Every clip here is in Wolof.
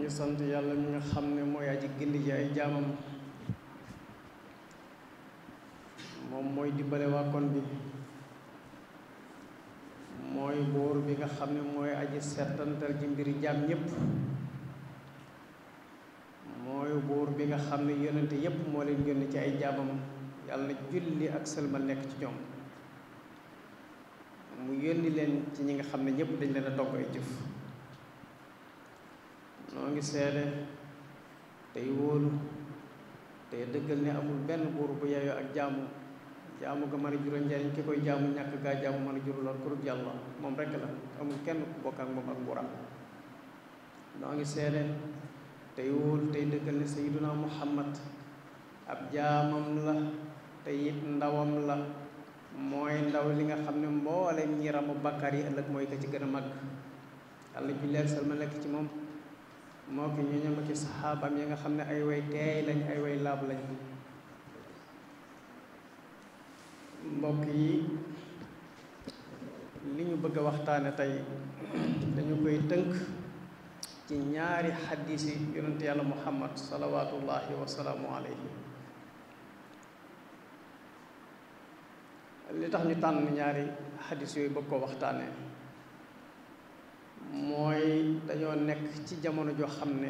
ngi sant yàlla mi nga xam ne mooy aji gindi ji ay jaamam moom mooy dimbale waa kon bi mooy buur bi nga xam ne mooy aji settantal ji mbiri jaam ñépp mooy buur bi nga xam ne yonente yépp moo leen yónni ci ay jaamam yàlla julli ak sëlma nekk ci ñoom mu yónni leen ci ñi nga xam ne dañ leen a jëf noo ngi seede tey wóolu tey dëggal ne amul benn buur bu yeyoo ak jaamu jaamu ga mën a jural njariñ ki koy jaamu ñàkk gaa jaamu mën a jural lool kurub yàlla moom rekk la amul kenn ku bokk ak moom ak mburam ngi seede tey tey dëggal ne sayyiduna ab jaamam la ndawam la mooy ndaw li nga xam ne mboolem ñi ramu bàkkaar yi ëllëg mooy ka ci gën a mag yàlla jullee ak salma nekk ci moom moo ki ñu ñëw ci saxaabam yi nga xam ne ay way teey lañ ay way laab lañ mbokk yi li ñu bëgg a waxtaane tey dañu koy tënk ci ñaari xaddis yi yonent yàlla muhammad salawaatullahi wasalaamu alayhi li tax ñu tànn ñaari xaddis yooyu bëgg ko waxtaane mooy dañoo nekk ci jamono joo xam ne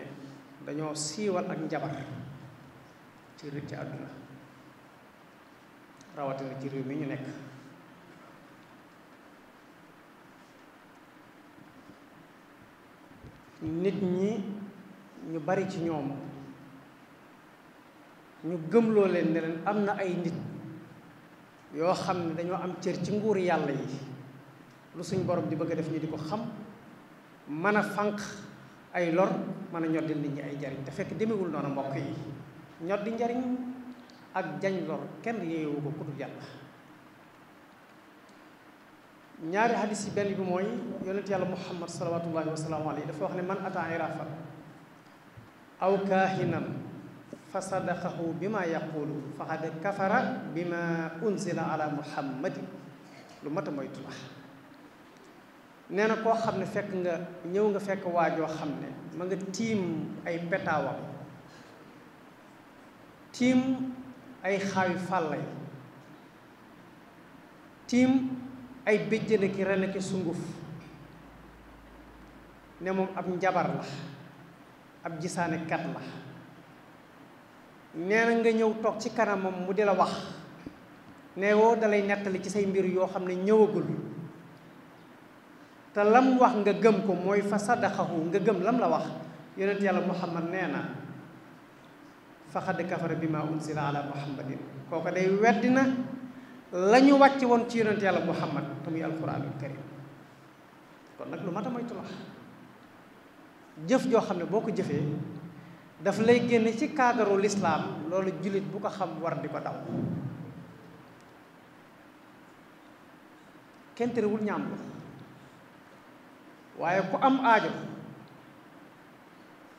dañoo siiwal ak njabar ci rë ci àdduna rawatina ci réew mi ñu nekk nit ñi ñu bari ci ñoom ñu gëmloo leen ne leen am na ay nit yoo xam ne am cër ci nguur yàlla yi lu suñ borom di bëgg def ñu di ko xam mën a fànq ay lor mën a ñoddi nit ñi ay njariñ te fekk demewul noonu mbokk yi ñoddi njariñ ak jañ lor kenn yeewu ko ku yàlla ñaari hadis yi benn bi mooy yonent yàlla muhammad salawatullahi wa salaamu alayhi dafa wax ne man ata irafan aw kaahinan fa bi ma yaqulu faqad kafara bi ma unzila ala muhammadin lu mat a moytu la nee na koo xam ne fekk nga ñëw nga fekk waajoo xam ne ma nga tiim ay petaawam tiim ay xaawi fàlla yi tiim ay béjjën ki ren ki sunguf ne moom ab njabar la ab gisaane kat la nee na nga ñëw toog ci kanamam mu di la wax ne woo dalay nettali ci say mbir yoo xam ne ñëwagul te lam wax nga gëm ko mooy fa sadaqahu nga gëm lam la wax yonent yàlla muhammad nee na faxad kafara bi ma unsila ala muhammadin kooka day weddi na la ñu wàcc woon ci yonent yàlla muhammad te muy ya alquranul karim kon nag lu mata a moytu wax jëf joo xam ne boo ko jëfee daf lay génn ci cadre lislaam loolu julit bu ko xam war di ko daw kenn terewul ñaam waaye ku am aajo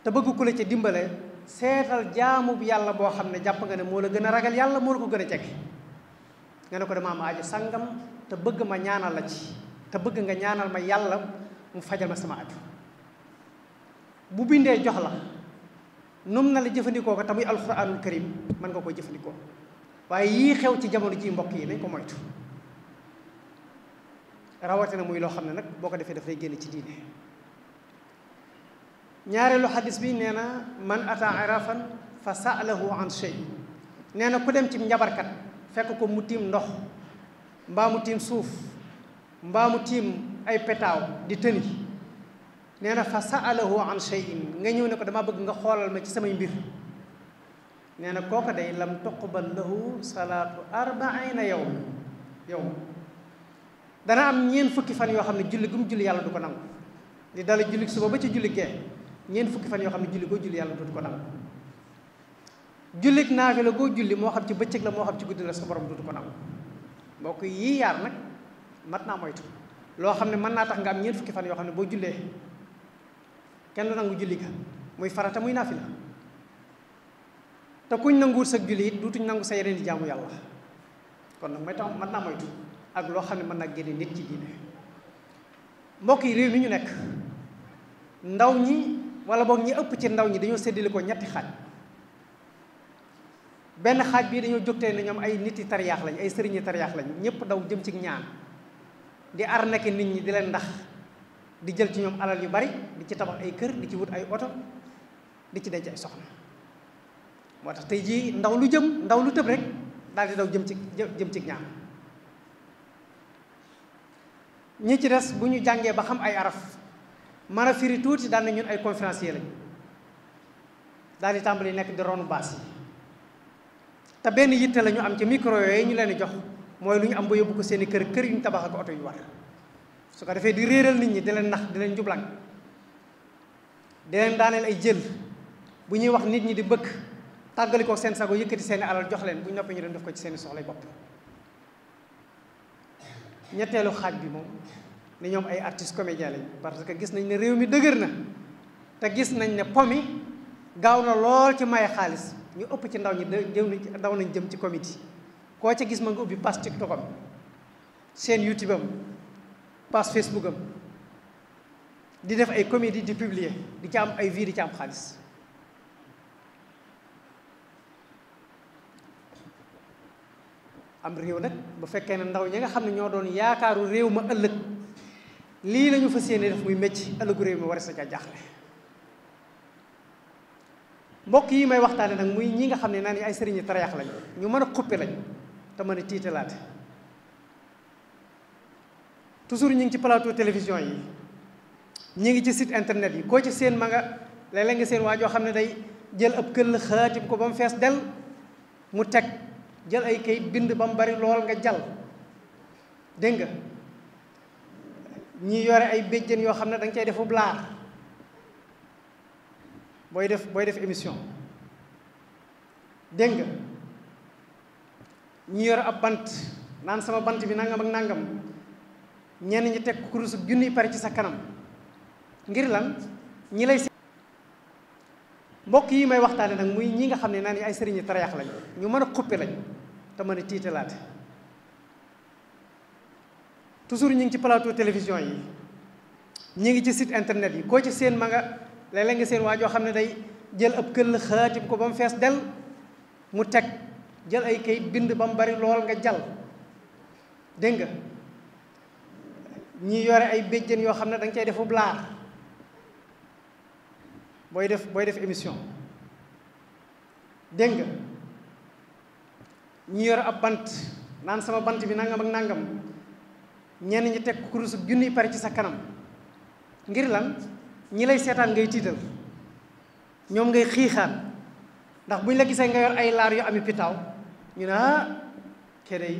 te bëgg ku la ca dimbale seetal jaamu yàlla boo xam ne jàpp nga ne moo la gën a ragal yàlla moo la ko gën a jekk nga ne ko dama am aajo sangam te bëgg ma ñaanal la ci te bëgg nga ñaanal ma yàlla mu fajal ma sama aajo bu bindee jox la num na la jëfandikoo ko te muy alxuraanul karim mën nga koo jëfandikoo waaye yii xew ci jamono ji mbokk yi nañ ko moytu rawatina muy lo xamne nak boko defé da fay dafay génn ci diine ñaareelu hadith bi néna man ata arafan fa saalahu an shay néna ku dem ci kat fekk ko mu tim ndox mba mu tim suuf mba mu tim ay pétaw di tëni néna fa saalahu an shay nga ñëw ne ko dama bëgg nga xolal ma ci sama mbir néna na day lam tuqbal lahu salatu arbaina yawm yawm dana am ñeen fukki fan yo xam julli gum julli yalla du ko nangu di dala julli suba ba ci julli ke ñeen fukki fan yo xam julli go julli yalla du ko nangu jullik naafi la go julli mo xam ci bëccëg la mo xam ci guddul la sa borom du ko nangu mbokk yii yaar mat moytu lo xam man na tax nga am ñeen fukki fan yo xam bo julle kenn du nangu julli ga muy farata muy nafila. la kuñ nanguwut sa julli it duutuñ nangu sa yeneen di jaamu yalla kon nak may tax mat moytu ak lo xamne man nak naa nit ci diine mbokk yi réew mi ñu nek ndaw ñi wala bok ñi ëpp ci ndaw ñi dañu séddale ko ñetti xaj ben xaj bi dañu jukté ne ñom ay nit yi tariyaax lañ ay sëriñi tariyaax lañ ñepp daw jëm ci ñaan di arnaqué nit ñi di leen ndax di jël ci ñom alal yu bari di ci tabax ay kër di ci wut ay auto di ci dëj ay soxna motax tay ji ndaw lu jëm ndaw lu tëb rek dal di daw jëm ci jëm ci ñaan ñi ci dess buñu ñu ba xam ay araf mën firi tuuti dal na ñun ay conférencier lañ dal di tambali nek di ronu bass ta te benn yitte la am ci micro yoy ñu leen jox mooy lu ñu am ba yóbbu ko seen kër kër yu ñu tabax ak oto yu war su ko defee di réeral nit ñi di leen nax di leen jublang di leen daaneel ay jël bu ñuy wax nit ñi di bëkk tàggali seen sago yëkkati seen alal jox leen bu ñu noppee ñu leen def ko ci seen soxlay bopp ñetteelu xaaj bi moom ne ñoom ay artistes comédiens lañ parce que gis nañ ne réew mi dëgër na te gis nañ ne po gaaw na lool ci may xaalis ñu ëpp ci ndaw ñi jëm ndaw nañ jëm ci comité koo ci gis ma nga ubbi pass TikTok seen YouTube am pass Facebook di def ay comédie di publier di ca am ay vie di ca am xaalis am réew nag bu fekkee ne ndaw ñi nga xam ne ñoo doon yaakaaru réew ma ëllëg lii lañu fa yéene def muy mécc ëllëgu réew mi war a sa ca jaaxle mbokk yi may waxtaane nag muy ñi nga xam ne naan ay sëriñi tarayax lañ ñu mën a xuppe lañ te man a tiitalaate toujours ñu ngi ci plateau télévision yi ñu ngi ci site internet yi koo ci seen ma nga léeg-léeg nga seen waa joo xam ne day jël ab këll xaatim ko ba mu fees del mu teg jël ay kayit bind ba mu bari lool nga jal deng nga ñi yoré ay bejjen yo xamné dang cey defu blaar boy def boy def émission deng nga ñi yoré ab bant naan sama bant bi nangam ak nangam ñen ñi tek kurus guni par ci sa kanam ngir lan ñi lay bokk yi may waxtaane nag muy ñi nga xam ne naan ay sëriñi tarayax lañ ñu mën a xuppe lañ te man a tiitalaate toujours ñu ngi ci plateau télévision yi ñu ngi ci site internet yi koo ci seen ma nga léeg-léeg nga seen waa joo xam ne day jël ab këll xaatim ko ba mu fees del mu teg jël ay kayit bind ba mu bari lool nga jal dégg nga ñi yore ay béjjén yoo xam ne da nga cay defu blaar boy def boy def émission deng nga ñu yor ab bant naan sama bant bi nangam ak nangam ñen ñi tek kurus junni par ci sa kanam ngir lan ñi lay seetaan ngay tital ñom ngay xixaan ndax buñ la gisé nga yor ay lar yu ami pitaw ñu na ah, kéré kene yi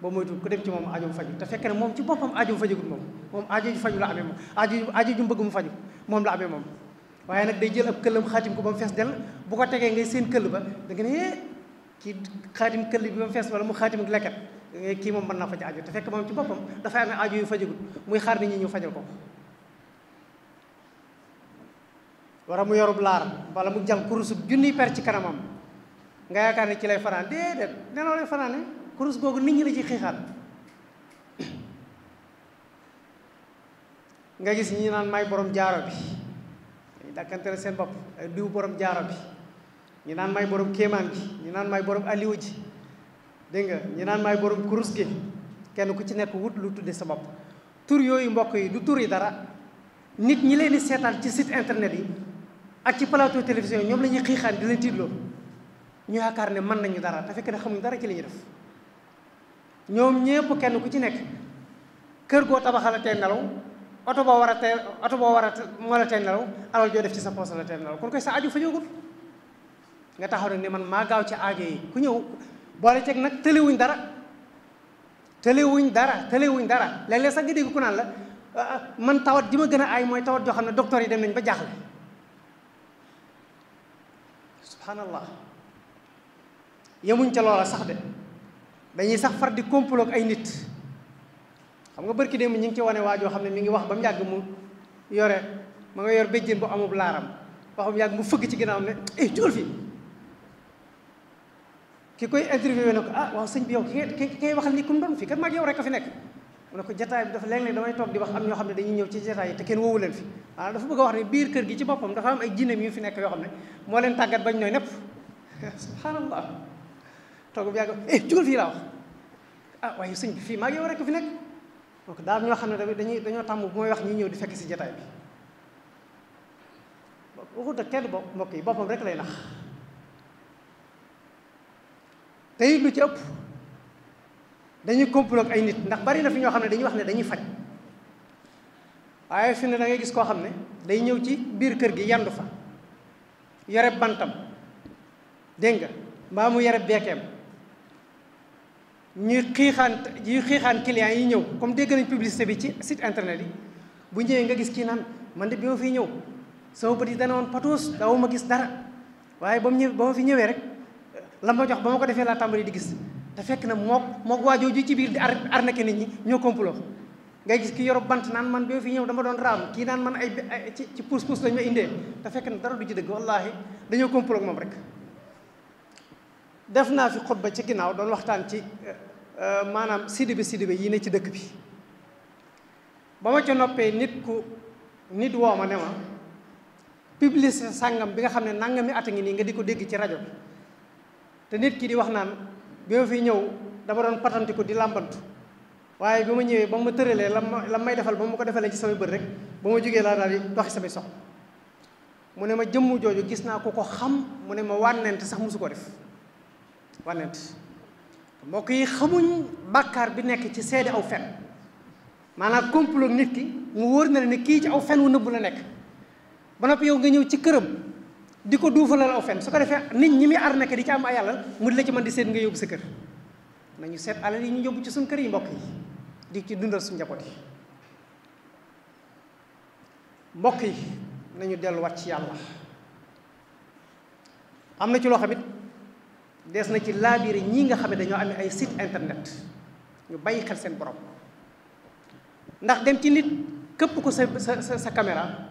boo moytu ku dem ci mom aajum faju ta fekk na mom ci boppam aajum fajagut moom mom aaju faju la amé mom aaju aaju ju mbëgg mu faju mom la amé mom waye nak day jël ab keulum xaatim ko ba fess del bu ko tege ngay seen keul ba da nga ne eh, ki xaatim keul bi bam fess wala mu xaatim ak ki mom man na naa ci aju te fek mom ci da fa am aju yu fajagut muy xaar ni ñi ñu fajal ko wara mu yorub laar wala mu jam kurus junniy per ci kanamam nga yaakaar ni ci lay fanaan da na lay ni kurus gogu nit ñi la ci xiixaat nga gis ñi naan may borom jaaro bi ñu dàkkanteel seen bopp diw borom jaaro bi ñu naan may borom kéemaan gi ñu naan may borom aliwu ji dégg nga ñu naan may borom kurus gi kenn ku ci nekk wut lu tudde sa bopp tur yooyu mbokk yi du tur yi dara nit ñi leen di seetaan ci site internet yi ak ci plateau télévision ñoom la ñuy xiixaan di leen tiitloo ñu yaakaar ne mën nañu dara te fekk ne xamuñ dara ci li def ñoom ñëpp kenn ku ci nekk kër goo tabaxal a tey nelaw oto boo war a teel oto boo war a moo la teel nelaw alal joo def ci sa poos la teel nelaw kon koy sa aju fa ñëwul nga taxaw na ni man maa gaaw ci aajo yi ku ñëw boole teg nag tëlewuñ dara tëlewuñ dara tëlewuñ dara léeg-léeg sax nga dégg ku naan la ah, ah, man tawat ji ma gën a ay mooy tawat joo xam ne docteur yi dem nañ ba jaaxle subhanallah yemuñ ca loola sax de dañuy sax far di complot ay nit xam nga bërki démb ñi ngi ci wane waa joo xam ne mi ngi wax ba mu yàgg mu yore ma nga yor béjjén bu amub laaram waxam yàgg mu fëgg ci ginnaawam ne eh jógal ko ah ni ku mu doon fii kat maag rek a fi nekk mu ne ko jataay bi dafa léeg-léeg damay toog di wax am ñoo xam ne dañuy ñëw ci jataay yi te kenn woowu leen fi maanaam dafa bëgg a wax ne biir kër gi ci boppam dafa am ay jinneem yu fi nekk yoo xam ne moo leen tàggat bañ nooy nepp subhanallah toog bu yàgg eh jógal fii laa wax ah waaye sëñ bi fii maag yow rek fi nekk donc daal ñoo xamne tamit dañuy dañoo tam bu may wax ñi ñew di fekk ci jotaay bi waxut ak kenn bopp mbokk yi boppam rek lay nax tay lu ci ëpp dañuy complot ay nit ndax bari na fi ñoo xamne dañuy wax ne dañuy faj waaye fi ne da ngay gis koo xam ne day ñëw ci biir kër gi yandu fa yore bantam dégg nga mbaa mu yore beekeem ñuy xiixaan ñuy xiixaan clients yi ñëw comme dégg nañ publicité bi ci site internet yi bu ñëwee nga gis kii naan man de bi ma fiy ñëw sama bët yi dana woon patoos daawu ma gis dara waaye ba mu ñëw fi ñëwee rek la ma jox ba ko defee laa tàmbali di gis te fekk na mok mok waajoo ju ci biir di ar arnaqué nit ñi ñoo complot ngay gis ki yorob bant naan man bi ma fi ñëw dama doon raam kii naan man ay ci ci pousse pousse lañ ma indee te fekk na dara du ci dëgg wallahi dañoo complot moom rek def naa fi xutba ci ginnaaw doon waxtaan ci eh, eh, maanaam sidibe sidibe yi ne ci dëkk bi ba ma ca noppee nit ku nit woo ma ne ma publicité sangam bi nga xam ne nangami at a ngi nii nga di ko dégg ci rajo bi te nit kii di wax naan bi ma fi ñëw dama doon patanti ko di làmbantu waaye bi ma ñëwee ba ma tëralee la ma la may defal ba ma ko defalee ci samay bët rek ba ma jógee laa daal di doxi samay sox mu ne ma jëmm jooju gis naa ku ko xam mu ne ma wànnente sax mosu ko def wanent mbokk yi xamuñ bàkkaar bi nekk ci seet aw fen maanaam complot nit ki mu wóor na la ne kii ci aw fen wu nëbbu la nekk ba noppi yow nga ñëw ci këram di ko duufalal aw fen su ko defee nit ñi muy arnaqué di ci am ay alal mu di la ci mën di seet nga yóbbu sa kër nañu seet alal yi ñu yóbbu ci suñ kër yi mbokk yi di ci dundal suñ njaboot yi mbokk yi nañu delluwaat ci yàlla am na ci loo xam des na ci laabiri ñii nga xam ne dañoo amee ay site internet ñu bàyyi xel seen borom ndax dem ci nit këpp ko sa sa sa caméra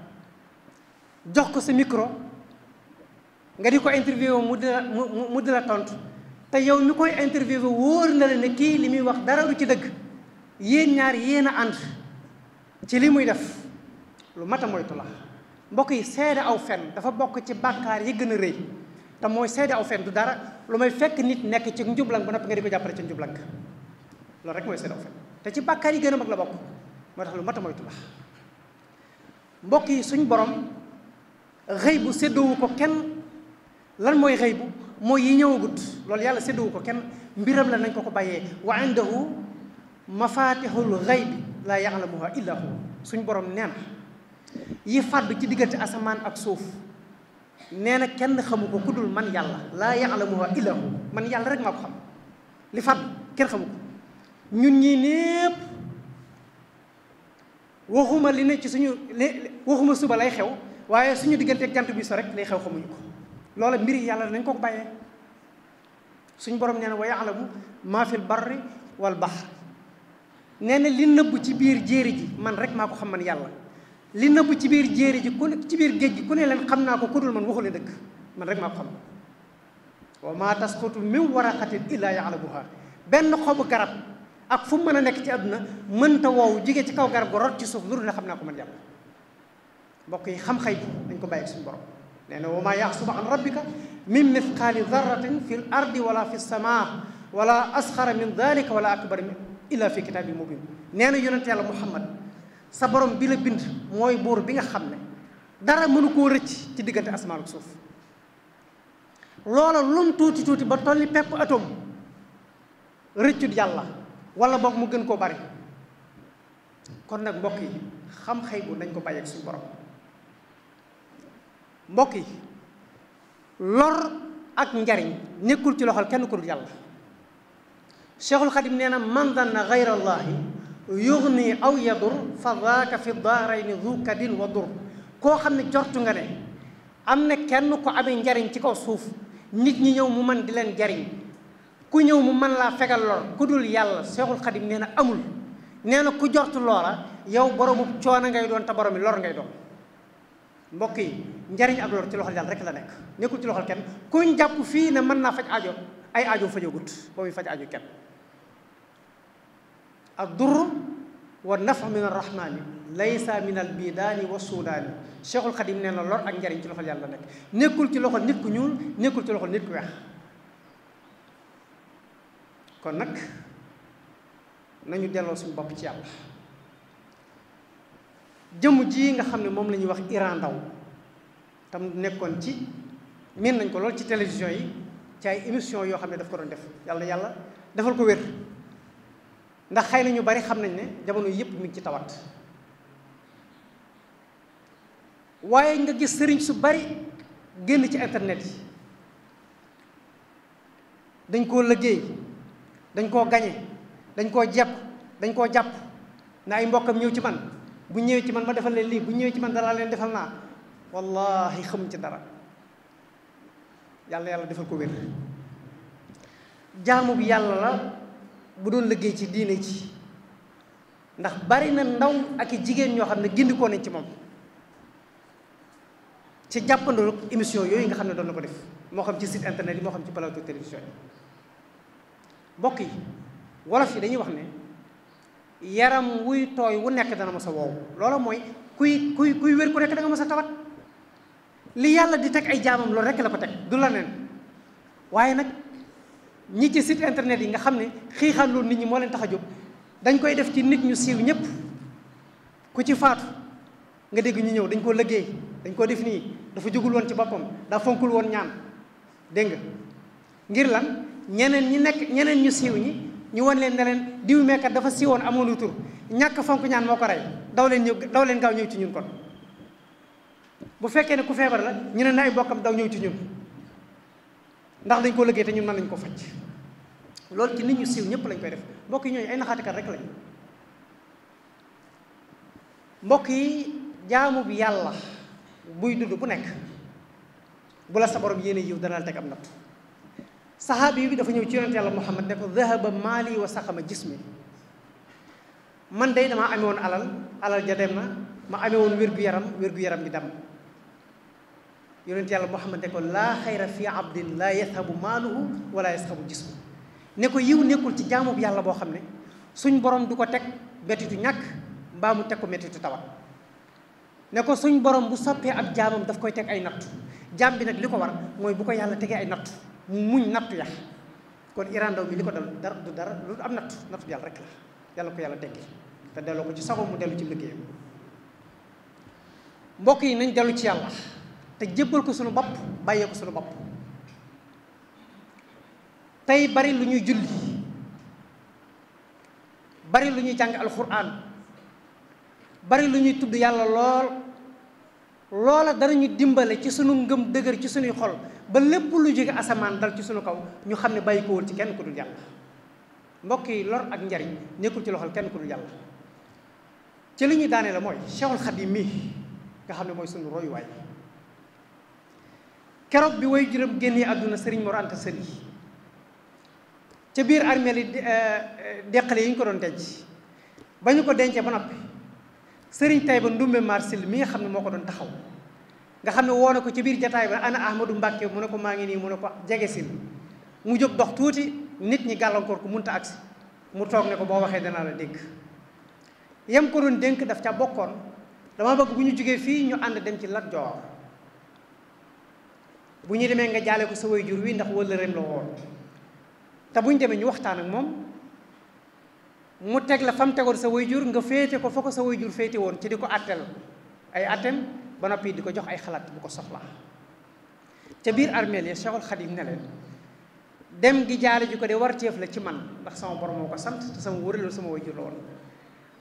jox ko sa micro nga di ko interview mu dina mu mu dina tontu te yow mi koy interview wóor na la ne kii li muy wax dara du ci dëgg yéen ñaar yéen a ànd ci li muy def lu mat a moytu la mbokk yi seede aw fen dafa bokk ci bàkkaar yi gën a rëy te mooy seede aw du dara lu may fekk nit nekk ci njublang ba noppi nga di ko jàppale ci njublang loolu rek mooy seede aw te ci bàkkaar yi gën a mag la bokk moo tax lu mat mooy moytu la yi suñ borom xëy bu séddoowu ko kenn lan mooy xëy bu mooy yi ñëwagut loolu yàlla séddoowu ko kenn mbiram la nañ ko ko bàyyee wa indahu mafatihul xëy bi laa ya'lamuha illa hu suñ borom nee yi fàddu ci diggante asamaan ak suuf nee na kenn xamu ko ku dul man yàlla laa ya'lamuha illa hu man yàlla rek maa ko xam li fat kenn xamu ko ñun ñii népp waxuma li ne ci suñu li waxuma suba lay xew waaye suñu diggante jant bi so rek lay xew xamuñu ko loola mbiri yàlla nañ ko bàyyee suñu boroom nee na wa ya'lamu maa bari barri wal bahr nee na li nëbb ci biir jéeri ji man rek maa ko xam man yàlla li nëbb ci biir jéeri ji ku ci biir géej gi ku ne leen xam naa ko ku dul man waxu leen dëgg man rek maa ko xam wa maa tasqutu min waraqatin illaa yaalamuha benn xobu garab ak fu mën a nekk ci àdduna mënta woow jigee ci kaw garab ga rot ci suuf lu dul ne xam naa ko man yàlla mbokk yi xam-xay bi dañ ko bàyyi suñu borom nee na wa maa yaxsubu an rabbika min mithqaali darratin fi l ardi wala fi samaa wala asxara min dalika wala akbar min illa fi kitaabin mubin nee na yonent yàlla muhammad sa borom bi la bind mooy buur bi nga xam ne dara mënu koo rëcc ci diggante asamaan ak suuf loola lum tuuti tuuti ba tolli pepp atom rëccut yàlla wala boog mu gën koo bari kon nag mbokk yi xam xëy bu nañ ko bàyyeeg suñu borom mbokk yi lor ak njariñ nekkul ci loxol kenn ku dul yàlla cheikhul xadim nee na man danna gayra allahi yuxni aw yadur fa daaka fi daarayni du kadin wa dur koo xam ne jortu nga ne am na kenn ko amee njariñ ci kaw suuf nit ñi ñëw mu man di leen jariñ ku ñëw mu man laa fegal lor ku dul yàlla seexul xadim nee na amul nee na ku jortu loola yow boromu coono ngay doon te boromi lor ngay doon mbokk yi njariñ ak lor ci loxol yàlla rekk la nekk nekkul ci loxol kenn kuñ jàpp fii ne mën naa faj ajo ay aajo fajagut ba muy faj aajo kenn الضر والنفع من الرحمن ليس من البيدان والسودان شيخ القديم cheikhul لور اك na تي ak njariñ ci نيكول تي nekk نيت كو loxol نيكول تي ñuul نيت كو loxol كون نك نانيو ديلو سون nañu تي suñu جيمو جي nga xamne mom lañuy wax Iran daw tam nekkon ci min nañ ko lol ci télévision yi ci ay émission yo xamne daf ko don def yàlla yàlla defal ko wér ndax xëy ñu bari xam nañ ne jamono yépp mi ngi ci tawat waye nga gis serigne su bari genn ci internet yi dañ ko liggéey dañ ko gagné dañ Naim jep dañ ko japp na ay mbokam ñew ci man bu ñew ci man ma defal leen li bu ñew ci man dara leen defal na wallahi xam ci dara yalla yalla defal ko wër jaamu bi yalla la bu doon liggéey ci diine ci ndax bari na ndaw ak i jigéen ñoo xam ne gindikoo nañ ci moom ci jàppandoo émission yooyu nga xam ne doon na ko def moo xam ci site internet yi moo xam ci plateau télévision yi mbokk yi wolof yi dañuy wax ne yaram wuy tooy wu nekk dana ma sa wow loola mooy kuy kuy kuy wér ku nekk da nga ma tawat li yàlla di teg ay jaamam loolu rekk la ko teg du la neen waaye nag ñi ci site internet yi nga xam ne xiixal loolu nit ñi moo leen tax a jóg dañ koy def ci nit ñu siiw ñëpp ku ci faatu nga dégg ñu ñëw dañ koo liggéey dañ koo def nii dafa jógul woon ci boppam daa fonkul woon ñaan dégg nga ngir lan ñeneen ñi nekk ñeneen ñu siiw ñi ñu won leen ne leen diw meekat dafa siiwoon amoon tur ñàkk fonk ñaan moo ko rey daw leen ñëw daw leen gaaw ñëw ci ñun kon bu fekkee ne ku feebar la ñu ne na ay bokkam daw ñëw ci ñun ndax dañ ko liggéey te ñun nañ ko faj loolu ci nit ñu siiw ñëpp lañ koy def mbokk yi ñooñu ay naxaatikat rek lañ mbokk yi jaamu bi yàlla buy dudd bu nekk bu la sa borom yéene yiw dana la teg am natt saxaabi bi dafa ñëw ci yonent yàlla muhammad ne ko dhahaba maali wa saqama jismi man day dama ame woon alal alal ja dem na ma Amewon woon wér-gu-yaram wér-gu-yaram bi dam يونت يالله محمد نكو لا خير في عبد لا يذهب ماله ولا يذهب جسمه نكو يو نكو تجامو بيا الله بوخم نه سون بروم دوكو تك متي تو نياك با مو تكو متي تو تاوات نكو سون بروم بو سوبي اب جامم داف كوي تك اي نات جام بي نك ليكو وار موي بوكو يالله تيغي اي نات موي نات يا كون ايران داو بي ليكو دال دار دو دار لو ام نات نات ديال رك لا يالله كو يالله تيغي تا دالو كو سي ساغو مو دالو سي ليغي مبوكي نين دالو سي يالله te jeppal ko sunu bop baye ko sunu bop tay bari luñu julli bari luñu jang alquran bari luñu tuddu yalla lol lola dara ñu dimbalé ci sunu ngëm deugër ci sunuy xol ba lepp lu jóge asaman dal ci sunu kaw ñu baye ko ci kenn ku dul yalla mbokk yi lor ak njariñ nekkul ci loxol kenn ku dul yalla ci liñu daané la moy Cheikhul Khadim mi nga moy roy keroog bi way juróom génnee àdduna sëriñ Mor Anta Sali ca biir armeeli eh, eh, deqale yi ñu ko doon denc ba ñu ko dencee ba noppi sëriñ Tayba Ndumbe Marsil mi nga xam ne moo ko doon taxaw nga xam ne woo na ko ci biir jataay ba ana Ahmadou Mbàkke mu ne ko maa ngi nii mu ne ko jege sil mu jóg dox tuuti nit ñi gàllankoor ko munta agsi mu toog ne ko boo waxee danaa la dégg yam ko doon dénk daf ca bokkoon dama bëgg bu ñu jógee fii ñu ànd dem ci Lat Joor bu ñu demee nga jaale ko sa way jur wi ndax wëllëreem la woon te bu ñu demee ñu waxtaan ak moom mu teg la fam tegoon sa way jur nga féete ko fa ko sa way jur féete woon ci di ko àttel ay àttem ba noppi di ko jox ay xalaat bu ko soxlaa ca biir armeel ya Cheikhul Khadim ne leen dem di jaale ji ko de warteef la ci man ndax sama borom moo ko sant te sama wëraloon sama way jur la woon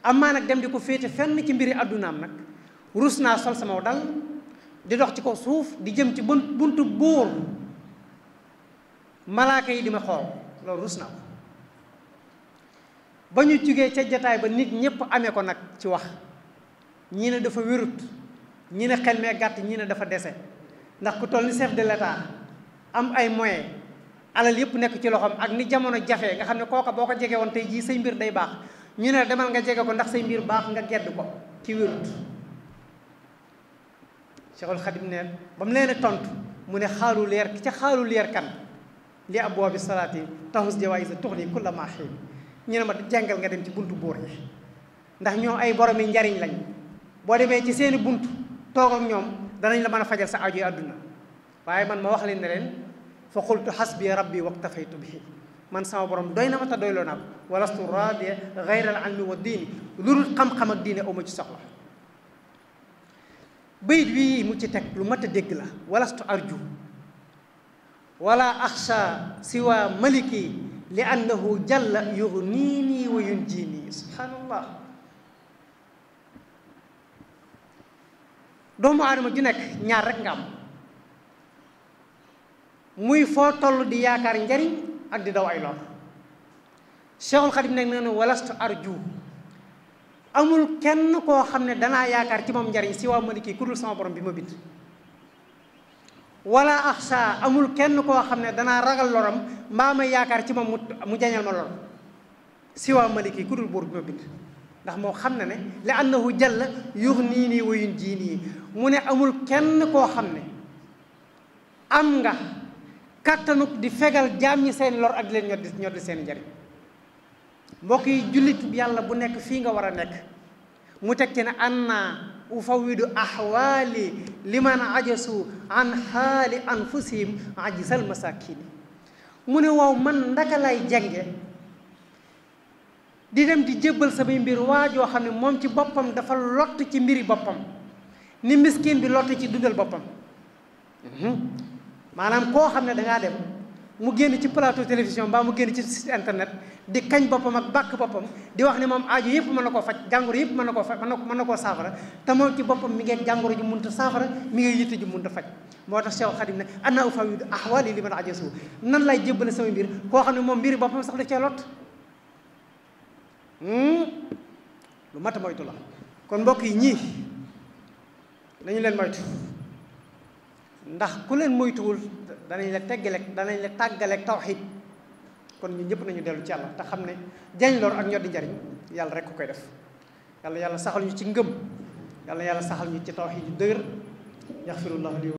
amaa nag dem di ko féete fenn ci mbiri àddunaam nag rus naa sol sama dal di dox ci kaw suuf di jëm ci bun buntu buur malaaka yi di ma xool loolu rus na ko ba ñu jógee ca jataay ba nit ñépp amee ko nag ci wax ñii ne dafa wérut ñi ne xel mee gàtt ñii ne dafa dese ndax ku toll ni chef de l'état am ay moyens alal yépp nekk ci loxoom ak ni jamono jafe nga xam ne kooka boo ko jege woon tey jii say mbir day baax ñu ne demal nga jege ko ndax say mbir baax nga gedd ko ci wérut شغل خادم نير بام لين تونت من خالو لير كتا خالو لير كان لي ابواب الصلاه تهز جوائز تغني كل ما حين ني نما جانغال غادم تي بونتو بور نده ньо اي بورامي نجارين لاني بو ديمي تي سيني بونتو توغم ньоم دا نان لا مانا فاجال سا اجي ادنا واي مان ما واخ لين نرين فقلت حسبي ربي واكتفيت به من سما بروم دوينا ما تا دويلو ناب ولست راضيه غير العلم والدين لول خم الدين او ما تي bayit wii mu ci teg lu mat dégg la walastu arju wala axsha siwa maliki li annahu jalla yugnini wa yunjini subhaanallah doomu aadama ju nekk ñaar rek nga am muy foo toll di yaakaar njariñ ak di daw ay lor Cheikhul Xadim nekk nee na walastu arju amul kenn koo xam ne danaa yaakaar ci moom njariñ si waa maliki ku dul sama borom bi ma bind wala axsa amul kenn koo xam ne danaa ragal loram mbaa ma yaakaar ci moom mu jañal ma lor si waa maliki ku dul buur bi ma bind ndax moo xam ne ne li annahu jalla yughnini jii nii mu ne amul kenn koo xam ne am nga kàttanuk di fegal jaam ñi seeni lor ak leen ñoddi ñoddi seen njariñ mbokk yi jullit yàlla bu nekk fii nga war a nekk mu teg ci ne anna ufawidu ahwaali liman ajasu an xaali anfusihim ajisal masakini mu ne waaw man ndaka lay jànge di dem di jébbal samay mbir waa joo xam ne moom ci boppam dafa lott ci mbiri boppam ni miskin bi lott ci dundal boppam hmm? maanaam koo xam ne dangaa dem mu génn ci plateau télévision mbaa mu génn ci site internet di kañ boppam ak bàkk boppam di wax ne moom aaju yëpp mën na koo faj jàngoro yëpp mën na koo faj mën na mën na koo saafara te moom ci boppam mi ngi jàngoro ji mënut a saafara mi ngi yitte ji mënut faj moo tax Cheikh Khadim ne ana ufawidu ahwali liman ajasu nan lay jébbale sama mbir koo xam ne moom mbiri boppam sax da cee lot hmm? lu mat a moytu la kon mbokk yi ñii dañu leen moytu ndax ku leen moytuwul danañ la teggaleeg danañ la tàggaleeg tawxiid kon ñu ñëpp nañu dellu ci yàlla te xam ne jañ lor ak ñoo di njariñ yàlla rek ku koy def yàlla yàlla saxal ñu ci ngëm yàlla yàlla saxal ñu ci tawxiid yu dëgër yaxfirullahu li